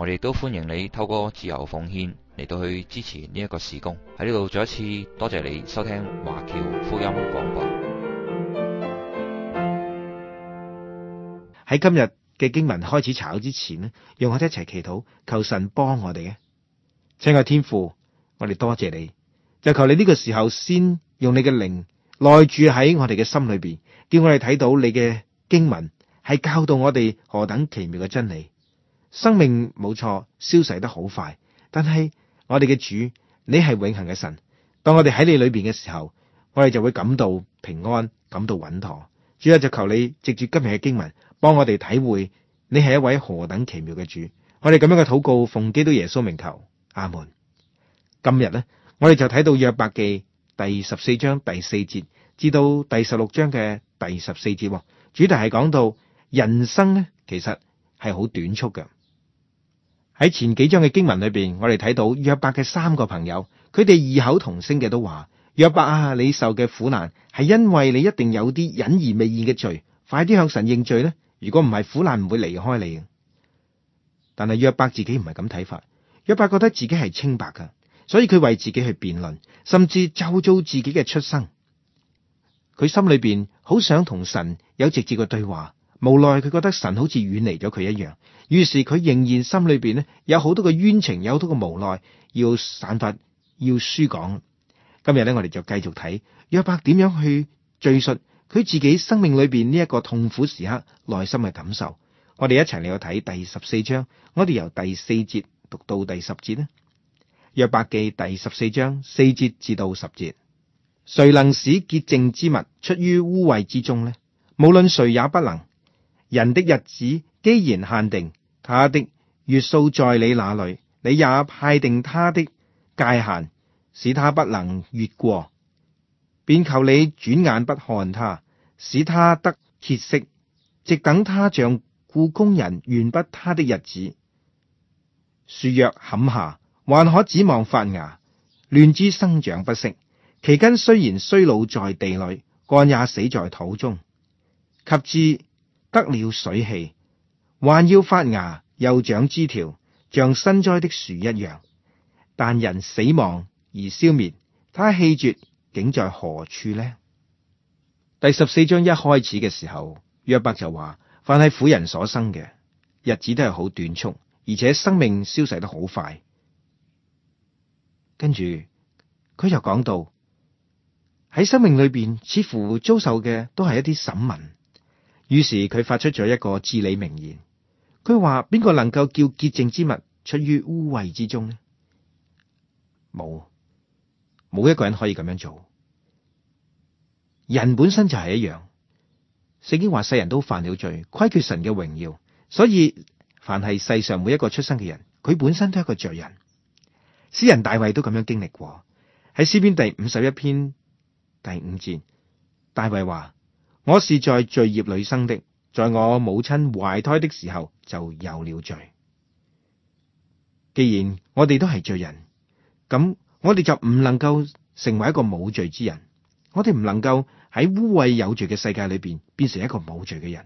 我哋都歡迎你透過自由奉獻嚟到去支持呢一個事工。喺呢度再一次多謝你收聽華僑福音廣播。喺今日嘅經文開始查之前咧，讓我哋一齊祈禱，求神幫我哋嘅，請個天父，我哋多謝你，就求你呢個時候先用你嘅靈內住喺我哋嘅心裏邊，叫我哋睇到你嘅經文係教導我哋何等奇妙嘅真理。生命冇錯，消逝得好快。但係我哋嘅主，你係永恒嘅神。當我哋喺你裏邊嘅時候，我哋就會感到平安，感到穩妥。主啊，就求你藉住今日嘅經文，幫我哋體會你係一位何等奇妙嘅主。我哋咁樣嘅禱告，奉基督耶穌名求，阿門。今日呢，我哋就睇到約伯記第十四章第四節至到第十六章嘅第十四節，主題係講到人生呢其實係好短促嘅。喺前幾章嘅經文裏邊，我哋睇到約伯嘅三個朋友，佢哋異口同聲嘅都話：約伯啊，你受嘅苦難係因為你一定有啲隱而未現嘅罪，快啲向神認罪咧！如果唔係，苦難唔會離開你。但係約伯自己唔係咁睇法，約伯覺得自己係清白噶，所以佢為自己去辯論，甚至咒詛自己嘅出生，佢心裏邊好想同神有直接嘅對話。無奈佢覺得神好似遠離咗佢一樣，於是佢仍然心裏邊咧有好多嘅冤情，有好多嘅無奈要散發，要輸講。今日呢，我哋就繼續睇約伯點樣去敘述佢自己生命裏邊呢一個痛苦時刻內心嘅感受。我哋一齊嚟去睇第十四章，我哋由第四節讀到第十節咧。約伯記第十四章四節至到十節，誰能使潔淨之物出於污穢之中呢？無論誰也不能。人的日子既然限定，他的月數在你那裏，你也派定他的界限，使他不能越過。便求你轉眼不看他，使他得歇息，直等他像僱工人完畢他的日子。樹若砍下，還可指望發芽；嫩枝生長不息，其根雖然衰老在地裏，幹也死在土中，及至，得了水氣，還要發芽、又長枝條，像新栽的樹一樣。但人死亡而消滅，他氣絕，竟在何處呢？第十四章一開始嘅時候，約伯就話：凡係婦人所生嘅日子都係好短促，而且生命消逝得好快。跟住佢就講到喺生命裏邊，似乎遭受嘅都係一啲審問。於是佢發出咗一個至理名言，佢話：邊個能夠叫潔淨之物出於污穢之中呢？冇，冇一個人可以咁樣做。人本身就係一樣，聖經話世人都犯了罪，虧缺神嘅榮耀，所以凡係世上每一個出生嘅人，佢本身都係一個罪人。詩人大衛都咁樣經歷過，喺詩篇第五十一篇第五節，大衛話：我是在罪孽裏生的，在我母親懷胎的時候就有了罪。既然我哋都係罪人，咁我哋就唔能夠成為一個冇罪之人。我哋唔能夠喺污穢有罪嘅世界裏邊變成一個冇罪嘅人。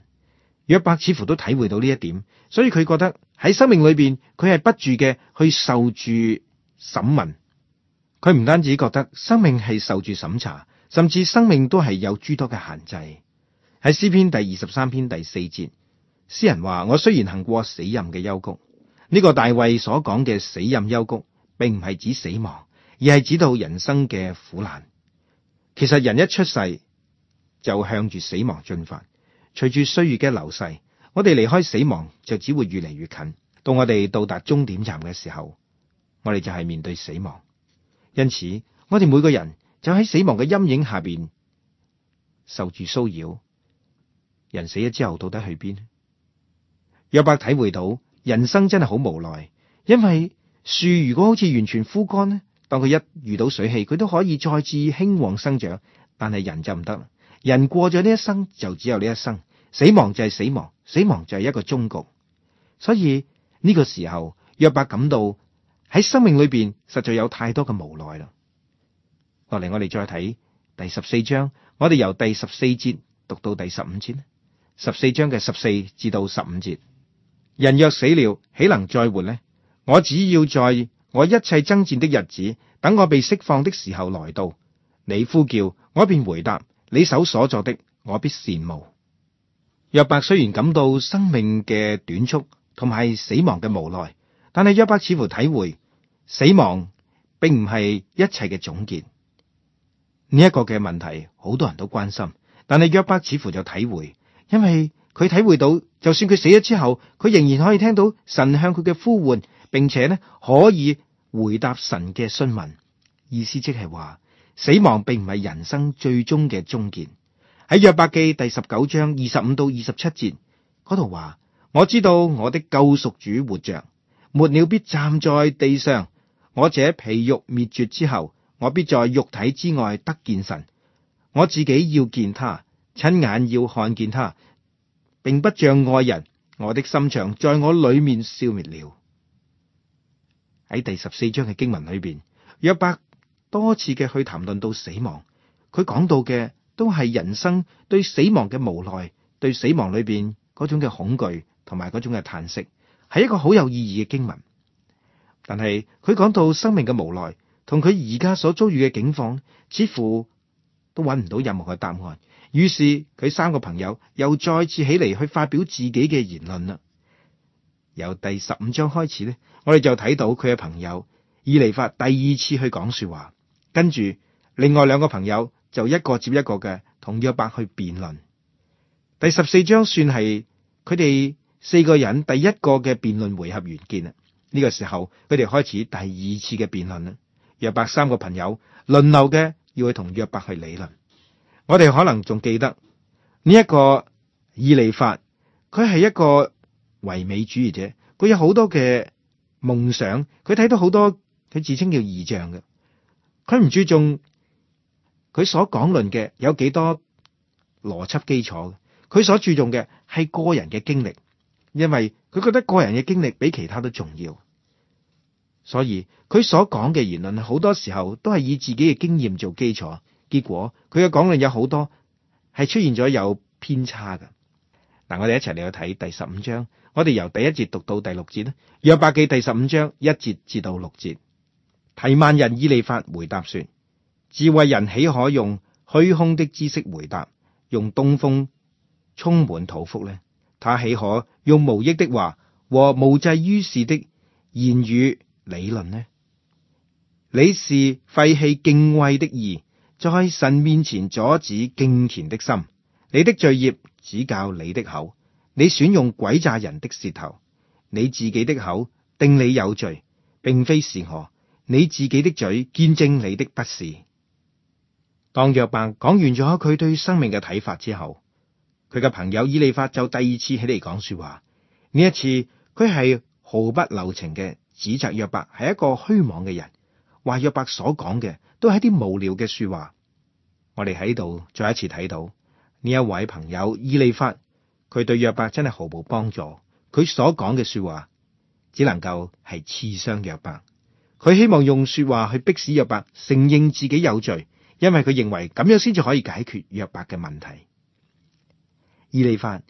約伯似乎都體會到呢一點，所以佢覺得喺生命裏邊，佢係不住嘅去受住審問。佢唔單止覺得生命係受住審查，甚至生命都係有諸多嘅限制。喺詩篇第二十三篇第四節，詩人話：我雖然行過死蔭嘅幽谷，呢、這個大衛所講嘅死蔭幽谷，並唔係指死亡，而係指到人生嘅苦難。其實人一出世就向住死亡進發，隨住歲月嘅流逝，我哋離開死亡就只會越嚟越近。到我哋到達終點站嘅時候，我哋就係面對死亡。因此，我哋每個人就喺死亡嘅陰影下邊受住騷擾。人死咗之後到底去邊？約伯體會到人生真係好無奈，因為樹如果好似完全枯乾咧，當佢一遇到水氣，佢都可以再次興旺生長，但係人就唔得。人過咗呢一生就只有呢一生，死亡就係死亡，死亡就係一個終局。所以呢個時候，約伯感到喺生命裏邊實在有太多嘅無奈啦。落嚟我哋再睇第十四章，我哋由第十四節讀到第十五節。十四章嘅十四至到十五節，人若死了，豈能再活呢？我只要在我一切爭戰的日子，等我被釋放的時候來到，你呼叫，我便回答。你手所作的，我必羨慕。約伯雖然感到生命嘅短促同埋死亡嘅無奈，但係約伯似乎體會死亡並唔係一切嘅總結。呢、這、一個嘅問題好多人都關心，但係約伯似乎就體會。因為佢體會到，就算佢死咗之後，佢仍然可以聽到神向佢嘅呼喚，並且咧可以回答神嘅詢問。意思即係話，死亡並唔係人生最終嘅終結。喺約伯記第十九章二十五到二十七節嗰度話：我知道我的救贖主活着，末了必站在地上。我這皮肉滅絕之後，我必在肉體之外得見神。我自己要見他。親眼要看見他，並不像外人。我的心腸在我裏面消滅了。喺第十四章嘅經文裏邊，約伯多次嘅去談論到死亡，佢講到嘅都係人生對死亡嘅無奈，對死亡裏邊嗰種嘅恐懼同埋嗰種嘅嘆息，係一個好有意義嘅經文。但係佢講到生命嘅無奈，同佢而家所遭遇嘅境況，似乎都揾唔到任何嘅答案。於是佢三個朋友又再次起嚟去發表自己嘅言論啦。由第十五章開始咧，我哋就睇到佢嘅朋友以利法第二次去講說話，跟住另外兩個朋友就一個接一個嘅同約伯去辯論。第十四章算係佢哋四個人第一個嘅辯論回合完結啦。呢、這個時候佢哋開始第二次嘅辯論啦。約伯三個朋友輪流嘅要去同約伯去理論。我哋可能仲記得呢一個以利法，佢係一個唯美主義者，佢有好多嘅夢想，佢睇到好多，佢自稱叫異象嘅，佢唔注重佢所講論嘅有幾多邏輯基礎，佢所注重嘅係個人嘅經歷，因為佢覺得個人嘅經歷比其他都重要，所以佢所講嘅言論好多時候都係以自己嘅經驗做基礎。結果佢嘅講論有好多係出現咗有偏差嘅。嗱，我哋一齊嚟去睇第十五章。我哋由第一節讀到第六節咧，《約伯記》第十五章一節至到六節。提幔人以利法回答說：智慧人豈可用虛空的知識回答？用東風充滿肚腹呢？他豈可用無益的話和無濟於事的言語理論呢？你是廢棄敬畏的意。在神面前阻止敬虔的心，你的罪孽指教你的口，你選用詭詐人的舌頭，你自己的口定你有罪，並非是我，你自己的嘴見證你的不是。當約伯講完咗佢對生命嘅睇法之後，佢嘅朋友以利法就第二次起嚟講說話，呢一次佢係毫不留情嘅指責約伯係一個虛妄嘅人。話約伯所講嘅都係啲無聊嘅說話，我哋喺度再一次睇到呢一位朋友伊利法，佢對約伯真係毫無幫助，佢所講嘅說話只能夠係刺傷約伯。佢希望用說話去逼使約伯承認自己有罪，因為佢認為咁樣先至可以解決約伯嘅問題。伊利法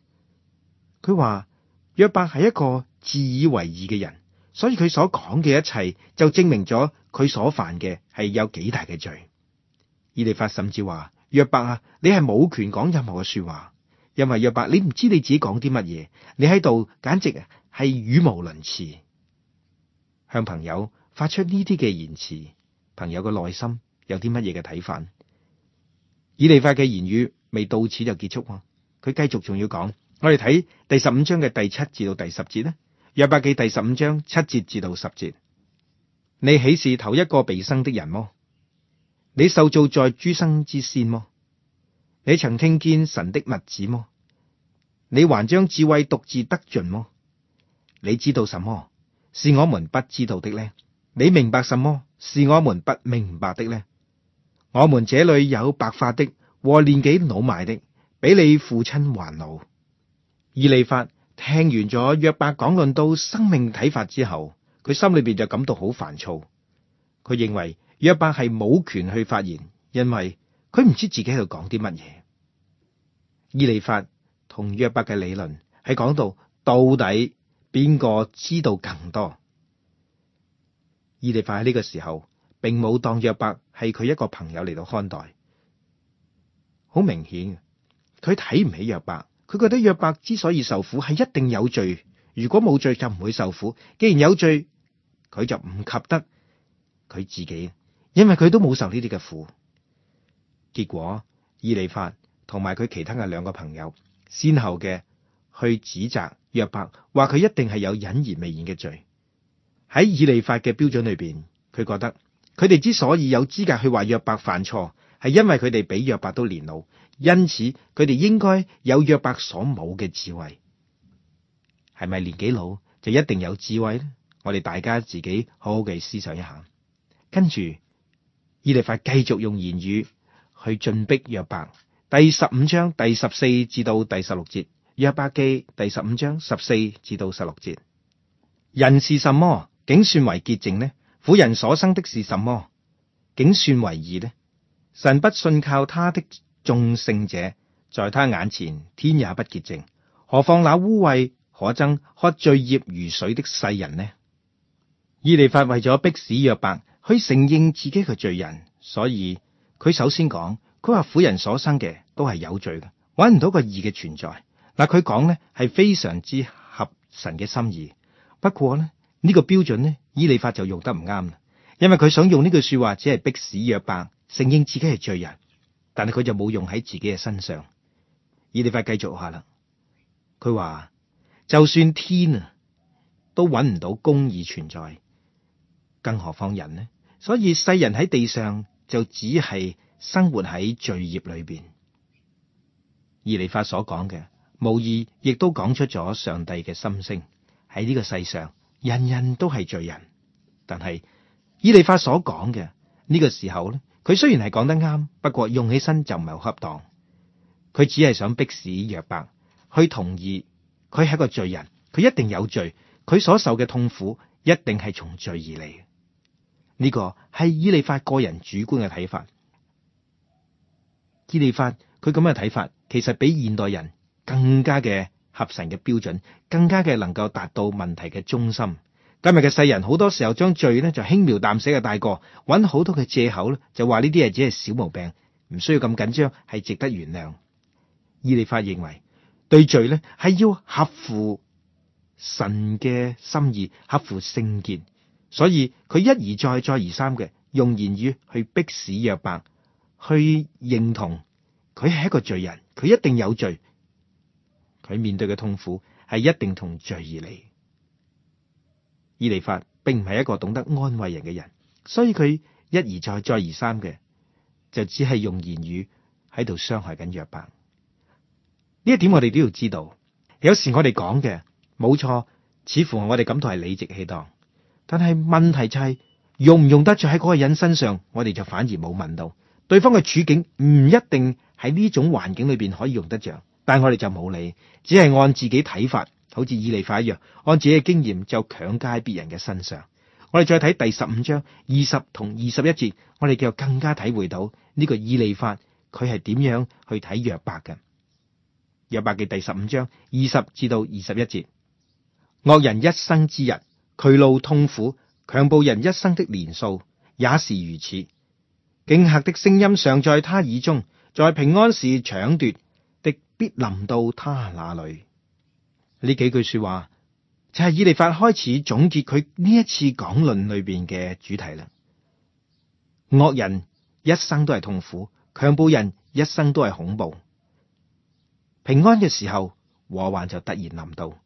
佢話約伯係一個自以為義嘅人，所以佢所講嘅一切就證明咗。佢所犯嘅係有幾大嘅罪？以利法甚至話：約伯啊，你係冇權講任何嘅說話，因為約伯你唔知你自己講啲乜嘢，你喺度簡直係語無倫次，向朋友發出呢啲嘅言辭。朋友個內心有啲乜嘢嘅睇法？以利法嘅言語未到此就結束啊，佢繼續仲要講。我哋睇第十五章嘅第七至到第十節呢，約伯記第十五章七節至到十節。你豈是頭一個被生的人麼？你受造在諸生之先麼？你曾聽見神的密旨麼？你還將智慧獨自得盡麼？你知道什麼是我們不知道的呢？你明白什麼是我們不明白的呢？我們這裏有白髮的和年紀老邁的，比你父親還老。以利法聽完咗約伯講論到生命睇法之後。佢心裏邊就感到好煩躁。佢認為約伯係冇權去發言，因為佢唔知自己喺度講啲乜嘢。伊利法同約伯嘅理論係講到到底邊個知道更多？伊利法喺呢個時候並冇當約伯係佢一個朋友嚟到看待，好明顯，佢睇唔起約伯。佢覺得約伯之所以受苦係一定有罪，如果冇罪就唔會受苦，既然有罪。佢就唔及得佢自己，因為佢都冇受呢啲嘅苦。結果，以利法同埋佢其他嘅兩個朋友先後嘅去指責約伯，話佢一定係有隱而未現嘅罪。喺以利法嘅標準裏邊，佢覺得佢哋之所以有資格去話約伯犯錯，係因為佢哋比約伯都年老，因此佢哋應該有約伯所冇嘅智慧。係咪年紀老就一定有智慧呢？我哋大家自己好好嘅思想一下，跟住以利法繼續用言語去進逼約伯。第十五章第十四至到第十六節，約伯記第十五章十四至到十六節。人是什麼，竟算為潔淨呢？婦人所生的是什麼，竟算為義呢？神不信靠他的眾聖者，在他眼前天也不潔淨，何況那污穢可憎、喝罪孽如水的世人呢？伊利法為咗逼使約伯去承認自己嘅罪人，所以佢首先講，佢話婦人所生嘅都係有罪嘅，揾唔到個義嘅存在。嗱，佢講咧係非常之合神嘅心意。不過咧呢個標準咧，伊利法就用得唔啱啦，因為佢想用呢句說話，只係逼使約伯承認自己係罪人，但係佢就冇用喺自己嘅身上。伊利法繼續下啦，佢話就算天啊，都揾唔到公義存在。更何況人呢？所以世人喺地上就只係生活喺罪孽裏邊。以利法所講嘅，無意亦都講出咗上帝嘅心聲。喺呢個世上，人人都係罪人。但係以利法所講嘅呢個時候咧，佢雖然係講得啱，不過用起身就唔係好恰當。佢只係想逼使約伯去同意，佢係一個罪人，佢一定有罪，佢所受嘅痛苦一定係從罪而嚟。呢個係伊利法個人主觀嘅睇法。伊利法佢咁嘅睇法，其實比現代人更加嘅合神嘅標準，更加嘅能夠達到問題嘅中心。今日嘅世人好多時候將罪呢就輕描淡寫嘅帶過，揾好多嘅借口咧就話呢啲嘢，只係小毛病，唔需要咁緊張，係值得原諒。伊利法認為對罪呢係要合乎神嘅心意，合乎聖潔。所以佢一而再、再而三嘅用言語去逼使約伯去認同佢係一個罪人，佢一定有罪，佢面對嘅痛苦係一定同罪而嚟。以利法並唔係一個懂得安慰人嘅人，所以佢一而再、再而三嘅就只係用言語喺度傷害緊約伯呢一點，我哋都要知道。有時我哋講嘅冇錯，似乎我哋感到係理直氣壯。但係問題就係用唔用得着喺嗰個人身上，我哋就反而冇問到對方嘅處境，唔一定喺呢種環境裏邊可以用得着，但我哋就冇理，只係按自己睇法，好似以利法一樣，按自己嘅經驗就強加喺別人嘅身上。我哋再睇第十五章二十同二十一節，我哋就更加體會到呢個以利法佢係點樣去睇約伯嘅。約伯嘅第十五章二十至到二十一節，惡人一生之日。劬勞痛苦，強暴人一生的年數也是如此。驚嚇的聲音常在他耳中，在平安時搶奪的必必臨到他那裏。呢幾句說話就係、是、以利法開始總結佢呢一次講論裏邊嘅主題啦。惡人一生都係痛苦，強暴人一生都係恐怖。平安嘅時候禍患就突然臨到。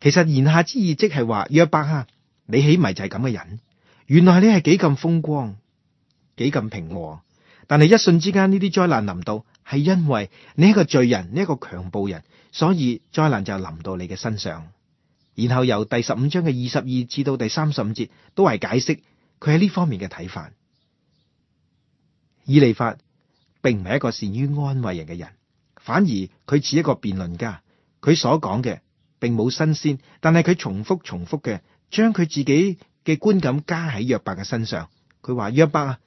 其實言下之意即係話，約伯克，你起咪就係咁嘅人？原來你係幾咁風光，幾咁平和，但係一瞬之間呢啲災難臨到，係因為你係個罪人，呢一個強暴人，所以災難就臨到你嘅身上。然後由第十五章嘅二十二至到第三十五節，都係解釋佢喺呢方面嘅睇法。以利法並唔係一個善於安慰人嘅人，反而佢似一個辯論家，佢所講嘅。並冇新鮮，但係佢重複重複嘅，將佢自己嘅觀感加喺約伯嘅身上。佢話約伯啊，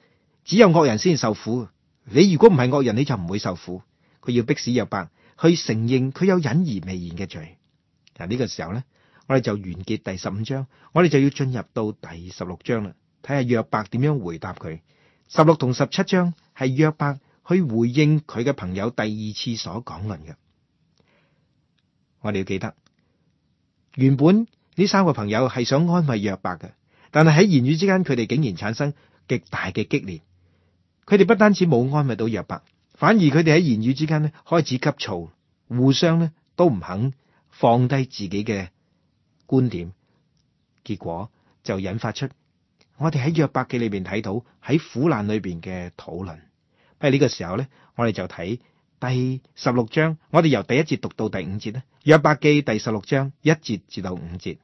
只有惡人先受苦，你如果唔係惡人，你就唔會受苦。佢要逼使約伯去承認佢有隱而未言嘅罪。啊，呢個時候呢，我哋就完結第十五章，我哋就要進入到第十六章啦。睇下約伯點樣回答佢。十六同十七章係約伯去回應佢嘅朋友第二次所講論嘅。我哋要記得。原本呢三個朋友係想安慰約伯嘅，但係喺言語之間佢哋竟然產生極大嘅激烈。佢哋不單止冇安慰到約伯，反而佢哋喺言語之間咧開始急躁，互相咧都唔肯放低自己嘅觀點，結果就引發出我哋喺約伯記裏邊睇到喺苦難裏邊嘅討論。不過呢個時候咧，我哋就睇。第十六章，我哋由第一節讀到第五節咧。約伯記第十六章一節至到五節。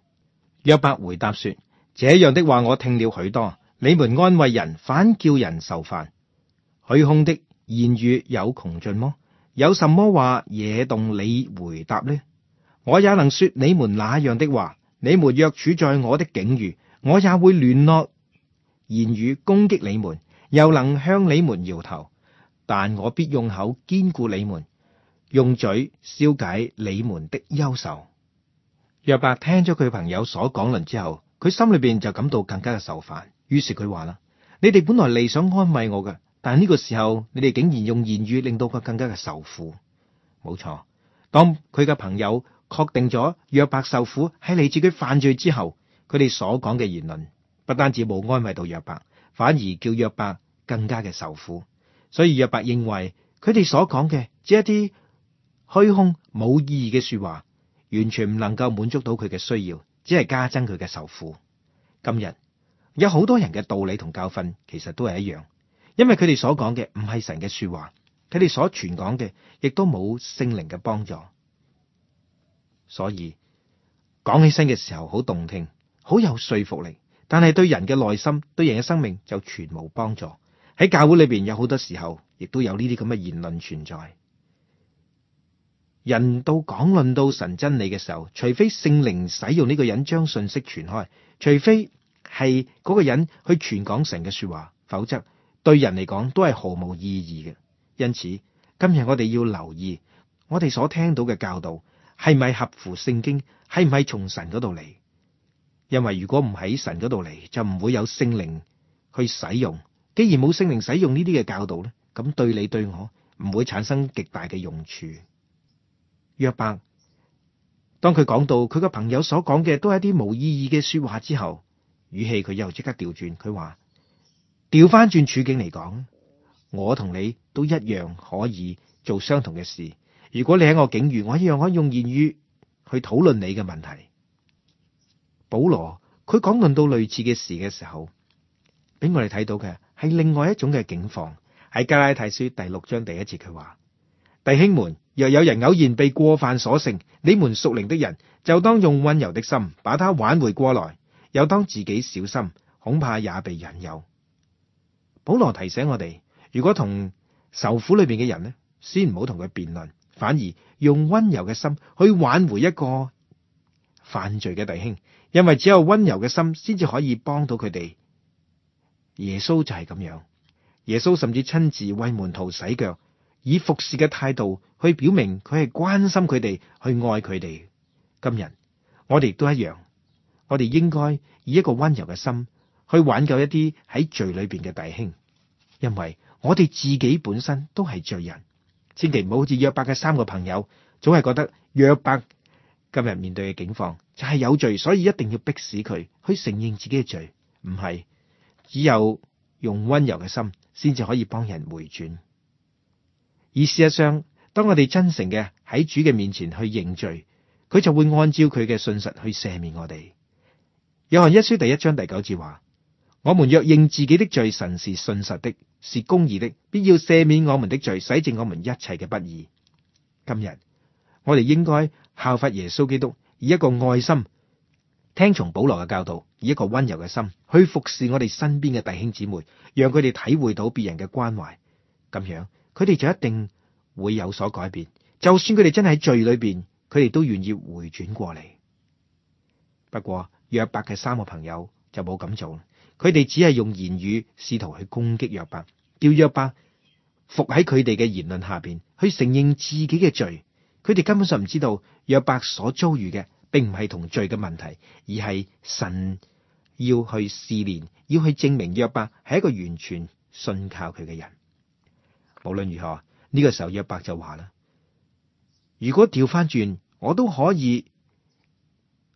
約伯回答說：這樣的話我聽了許多，你們安慰人，反叫人受煩。虛空的言語有窮盡麼？有什麼話惹動你回答呢？我也能說你們那樣的話，你們若處在我的境遇，我也會聯絡言語攻擊你們，又能向你們搖頭。但我必用口堅固你們，用嘴消解你們的憂愁。約伯聽咗佢朋友所講論之後，佢心裏邊就感到更加嘅受煩。於是佢話啦：你哋本來嚟想安慰我嘅，但係呢個時候，你哋竟然用言語令到佢更加嘅受苦。冇錯，當佢嘅朋友確定咗約伯受苦係嚟自佢犯罪之後，佢哋所講嘅言論，不單止冇安慰到約伯，反而叫約伯更加嘅受苦。所以約伯認為佢哋所講嘅只一啲虛空冇意義嘅說話，完全唔能夠滿足到佢嘅需要，只係加增佢嘅受苦。今日有好多人嘅道理同教訓，其實都係一樣，因為佢哋所講嘅唔係神嘅說話，佢哋所傳講嘅亦都冇聖靈嘅幫助。所以講起身嘅時候好動聽，好有說服力，但係對人嘅內心、對人嘅生命就全無幫助。喺教會裏邊有好多時候，亦都有呢啲咁嘅言論存在。人到講論到神真理嘅時候，除非聖靈使用呢個人將信息傳開，除非係嗰個人去傳講神嘅說話，否則對人嚟講都係毫無意義嘅。因此，今日我哋要留意我哋所聽到嘅教導係咪合乎聖經，係唔係從神嗰度嚟？因為如果唔喺神嗰度嚟，就唔會有聖靈去使用。既然冇聖靈使用呢啲嘅教導咧，咁對你對我唔會產生極大嘅用處。約伯當佢講到佢個朋友所講嘅都係一啲冇意義嘅說話之後，語氣佢又即刻調轉，佢話調返轉處境嚟講，我同你都一樣可以做相同嘅事。如果你喺我境遇，我一樣可以用言語去討論你嘅問題。保羅佢講論到類似嘅事嘅時候，俾我哋睇到嘅。係另外一種嘅境況，喺加拉太書第六章第一節佢話：弟兄們，若有人偶然被過犯所勝，你們屬靈的人就當用温柔的心把他挽回過來，又當自己小心，恐怕也被引誘。保羅提醒我哋，如果同受苦裏面嘅人咧，先唔好同佢辯論，反而用温柔嘅心去挽回一個犯罪嘅弟兄，因為只有温柔嘅心先至可以幫到佢哋。耶穌就係咁樣，耶穌甚至親自為門徒洗腳，以服侍嘅態度去表明佢係關心佢哋，去愛佢哋。今日我哋亦都一樣，我哋應該以一個温柔嘅心去挽救一啲喺罪裏邊嘅弟兄，因為我哋自己本身都係罪人，千祈唔好好似約伯嘅三個朋友，總係覺得約伯今日面對嘅境況就係有罪，所以一定要逼死佢去承認自己嘅罪，唔係。只有用溫柔嘅心，先至可以幫人回轉。而事實上，當我哋真誠嘅喺主嘅面前去認罪，佢就會按照佢嘅信實去赦免我哋。約翰一書第一章第九節話：我們若認自己的罪，神是信實的，是公義的，必要赦免我們的罪，洗淨我們一切嘅不義。今日我哋應該效法耶穌基督，以一個愛心。聽從保羅嘅教導，以一個溫柔嘅心去服侍我哋身邊嘅弟兄姊妹，讓佢哋體會到別人嘅關懷，咁樣佢哋就一定會有所改變。就算佢哋真係喺罪裏邊，佢哋都願意回轉過嚟。不過約伯嘅三個朋友就冇咁做，佢哋只係用言語試，試圖去攻擊約伯，叫約伯伏喺佢哋嘅言論下邊去承認自己嘅罪。佢哋根本上唔知道約伯所遭遇嘅。並唔係同罪嘅問題，而係神要去試煉，要去證明約伯係一個完全信靠佢嘅人。無論如何，呢個時候約伯就話啦：，如果調翻轉，我都可以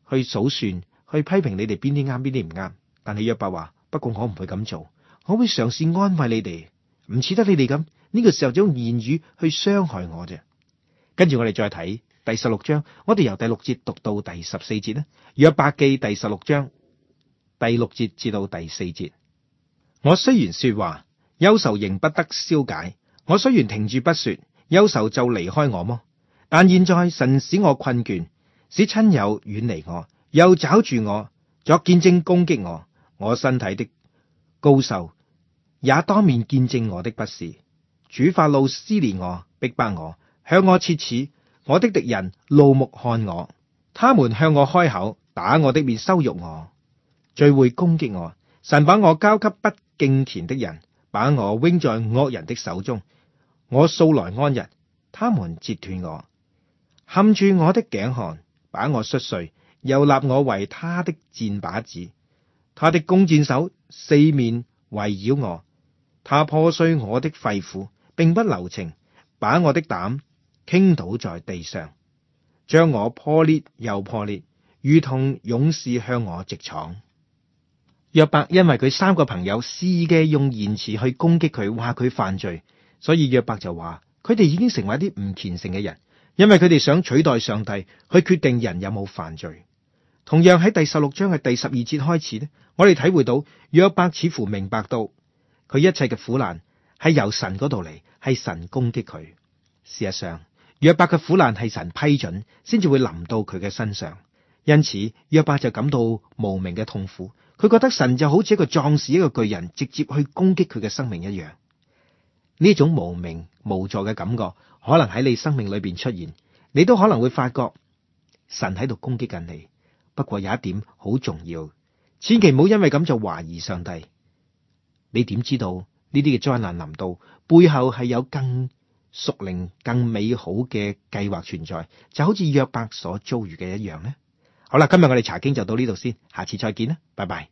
去數算，去批評你哋邊啲啱，邊啲唔啱。但係約伯話：，不過我唔會咁做，我會嘗試安慰你哋，唔似得你哋咁呢個時候用言語去傷害我啫。跟住我哋再睇。第十六章，我哋由第六節讀到第十四節呢，約伯記第十六章第六節至到第四節。我雖然說話憂愁，仍不得消解。我雖然停住不說，憂愁就離開我麼？但現在神使我困倦，使親友遠離我，又抓住我作見證攻擊我。我身體的高手，也當面見證我的不是。主發怒撕裂我，逼迫我，向我切齒。我的敵人怒目看我，他們向我開口，打我的面，羞辱我，聚會攻擊我。神把我交給不敬虔的人，把我扔在惡人的手中。我素來安逸，他們折斷我，冚住我的頸項，把我摔碎，又立我為他的箭靶子。他的弓箭手四面圍繞我，他破碎我的肺腑，並不留情，把我的膽。傾倒在地上，將我破裂又破裂，如同勇士向我直闖。約伯因為佢三個朋友肆意嘅用言辭去攻擊佢，話佢犯罪，所以約伯就話佢哋已經成為一啲唔虔誠嘅人，因為佢哋想取代上帝去決定人有冇犯罪。同樣喺第十六章嘅第十二節開始咧，我哋體會到約伯似乎明白到佢一切嘅苦難係由神嗰度嚟，係神攻擊佢。事實上，約伯嘅苦難係神批准，先至會臨到佢嘅身上。因此，約伯就感到無名嘅痛苦。佢覺得神就好似一個壯士，一個巨人，直接去攻擊佢嘅生命一樣。呢種無名無助嘅感覺，可能喺你生命裏邊出現，你都可能會發覺神喺度攻擊緊你。不過有一點好重要，千祈唔好因為咁就懷疑上帝。你點知道呢啲嘅災難臨到，背後係有更屬靈更美好嘅計劃存在，就好似約伯所遭遇嘅一樣咧。好啦，今日我哋查經就到呢度先，下次再見啦，拜拜。